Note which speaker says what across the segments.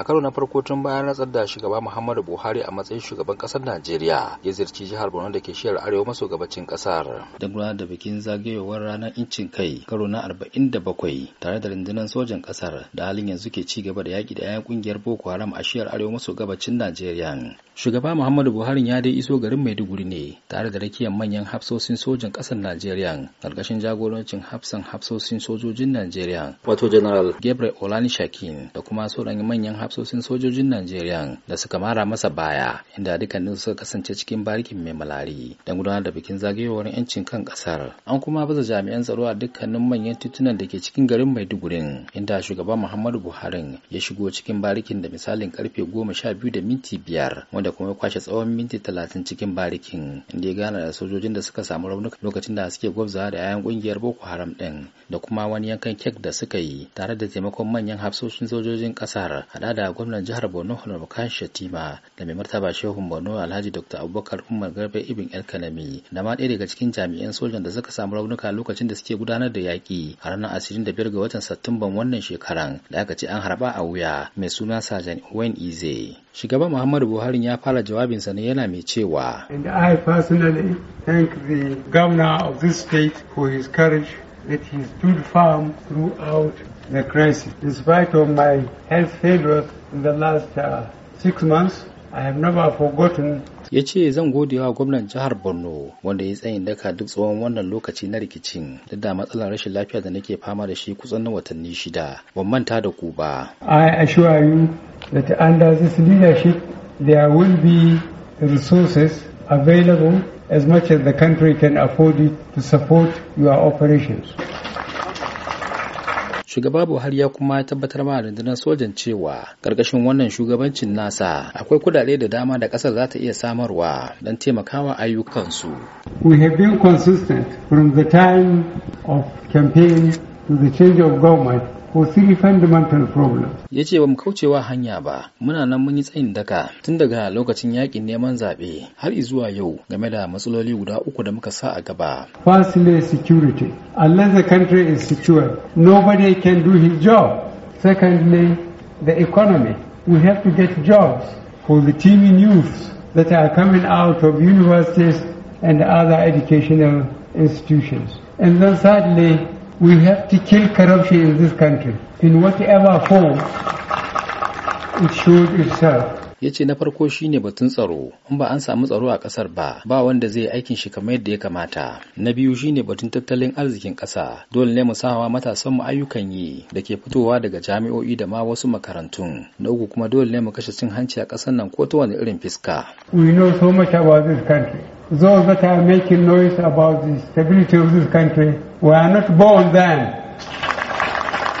Speaker 1: a karo na farko tun bayan ratsar da shugaba muhammadu buhari a matsayin shugaban kasar najeriya ya zirci jihar borno da ke shiyar arewa maso gabacin kasar da gudanar da bikin zagayowar ranar incin kai karo na arba'in da bakwai, tare da rundunar sojan kasar da halin yanzu ke ci gaba da yaki da 'ya'yan kungiyar boko haram a shiyar arewa maso gabacin najeriya shugaba muhammadu buhari ya dai iso garin maiduguri ne tare da rakiyar manyan hafsosin sojan kasar najeriya karkashin jagorancin hafsan hafsosin sojojin najeriya wato general gabriel olani shakin da kuma sauran manyan hafsoshin sojojin Najeriya da suka mara masa baya inda dukkanin suka kasance cikin barikin mai malari don gudanar da bikin zagayowar yancin kan kasar. An kuma baza jami'an tsaro a dukkanin manyan titunan da ke cikin garin maidugurin inda shugaban Muhammadu Buhari ya shigo cikin barikin da misalin karfe goma sha biyu da minti biyar wanda kuma ya kwashe tsawon minti talatin cikin barikin inda ya gana da sojojin da suka samu raunuka lokacin da suke gwabza da 'ya'yan kungiyar Boko Haram din da kuma wani yankan kek da suka yi tare da taimakon manyan hafsoshin sojojin kasar hada hada da gwamnan jihar borno honorable shatima da mai martaba shehun borno alhaji dr abubakar umar garbe Ibin el kanami da ma ɗaya daga cikin jami'an sojan da suka samu raunuka lokacin da suke gudanar da yaƙi a ranar asirin da biyar ga watan satumban wannan shekaran da aka ce an harba a wuya mai suna sajan wayne ize shugaban muhammadu buhari ya fara jawabinsa ne yana mai cewa
Speaker 2: and i personally thank the governor of this state for his courage that he stood firm throughout the crisis. In spite of my health failures in the last uh, six months, I have never forgotten ya ce zan gode wa
Speaker 1: gwamnan jihar borno wanda ya tsayin daka duk tsawon wannan lokaci na rikicin duk da matsalar rashin lafiya da nake fama da shi kusan na watanni shida ban manta da ku ba
Speaker 2: i assure you that under this leadership there will be resources available as much as the country can afford it to support your operations.
Speaker 1: shugaba buhari ya kuma ya tabbatar ma rundunar sojan cewa ƙarƙashin wannan shugabancin nasa akwai kudade da dama da ƙasar za ta iya samarwa don taimakawa ayyukansu
Speaker 2: we have been consistent from the time of campaign to the change of government for three fundamental problem.
Speaker 1: Ya ce ba mu kaucewa hanya ba, muna nan mun yi tsayin daka tun daga lokacin yakin neman zaɓe har zuwa yau game da matsaloli guda uku da muka sa a gaba.
Speaker 2: Firstly, security. Unless the country is secure, nobody can do his job. Secondly, the economy. We have to get jobs for the teeming youths that are coming out of universities and other educational institutions. And then thirdly, we have to kill corruption in this country in whatever form it shows itself.
Speaker 1: ya ce na farko shine batun tsaro in ba an samu tsaro a kasar ba ba wanda zai aikin shi kamar yadda ya kamata na biyu shine batun tattalin arzikin kasa dole ne mu sawa matasan mu ayyukan yi da ke fitowa daga jami'o'i da ma wasu makarantun na uku kuma dole ne mu kashe cin hanci a kasar nan ko ta wani irin fiska
Speaker 2: we know so much about this country those that are making noise about the stability of this country were not born then.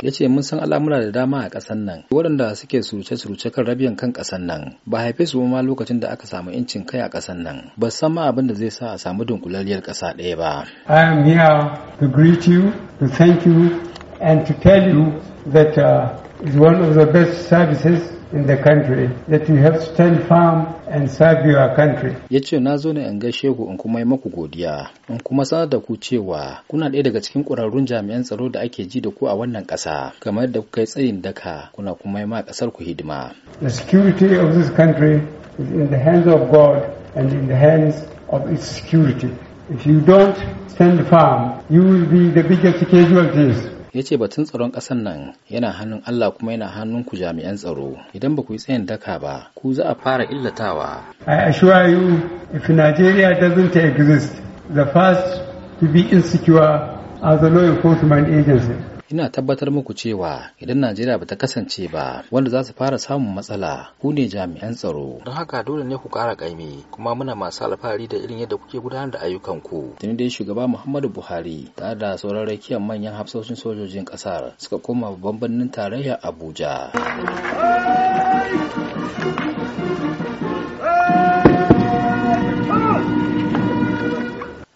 Speaker 1: ya ce mun san al'amura da dama a ƙasar nan waɗanda suke suruce-suruce kan rabin kan ƙasar nan ba haife su ma lokacin da aka samu incin kai a ƙasar nan ba san ma abin da zai sa a samu dunkulalliyar ƙasa ɗaya ba
Speaker 2: i am here to greet you to thank you and to tell you that uh, is one of the best services in the country that you have stand firm and serve your country.
Speaker 1: Ya ce na zo ne in gaishe ku in kuma yi maku godiya in kuma sanar da ku cewa
Speaker 2: kuna ɗaya daga cikin ƙwararrun jami'an
Speaker 1: tsaro da ake ji da ku a wannan ƙasa kamar da kuka yi tsayin daka kuna kuma yi ma ƙasar ku hidima.
Speaker 2: The security of this country is in the hands of God and in the hands of its security. If you don't stand firm, you will be the biggest casualties
Speaker 1: ya ce batun tsaron ƙasar nan yana hannun Allah kuma yana hannun ku jami'an tsaro idan ba ku yi tsayin daka ba ku za a fara illatawa.
Speaker 2: I assure you if Nigeria doesn't exist the first to be insecure are the law enforcement agency.
Speaker 1: ina tabbatar muku cewa idan Najeriya bata kasance ba wanda za su fara samun matsala ku ne jami'an tsaro. Don haka dole ne ku ƙara ƙaimi kuma muna masu alfahari da irin yadda kuke gudanar da ayyukan ku. Tuni dai shugaba Muhammadu Buhari tare da sauran rakiyar manyan hafsoshin sojojin ƙasar suka koma babban birnin tarayya Abuja.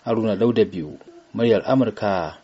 Speaker 1: Haruna Dauda biyu, muryar Amurka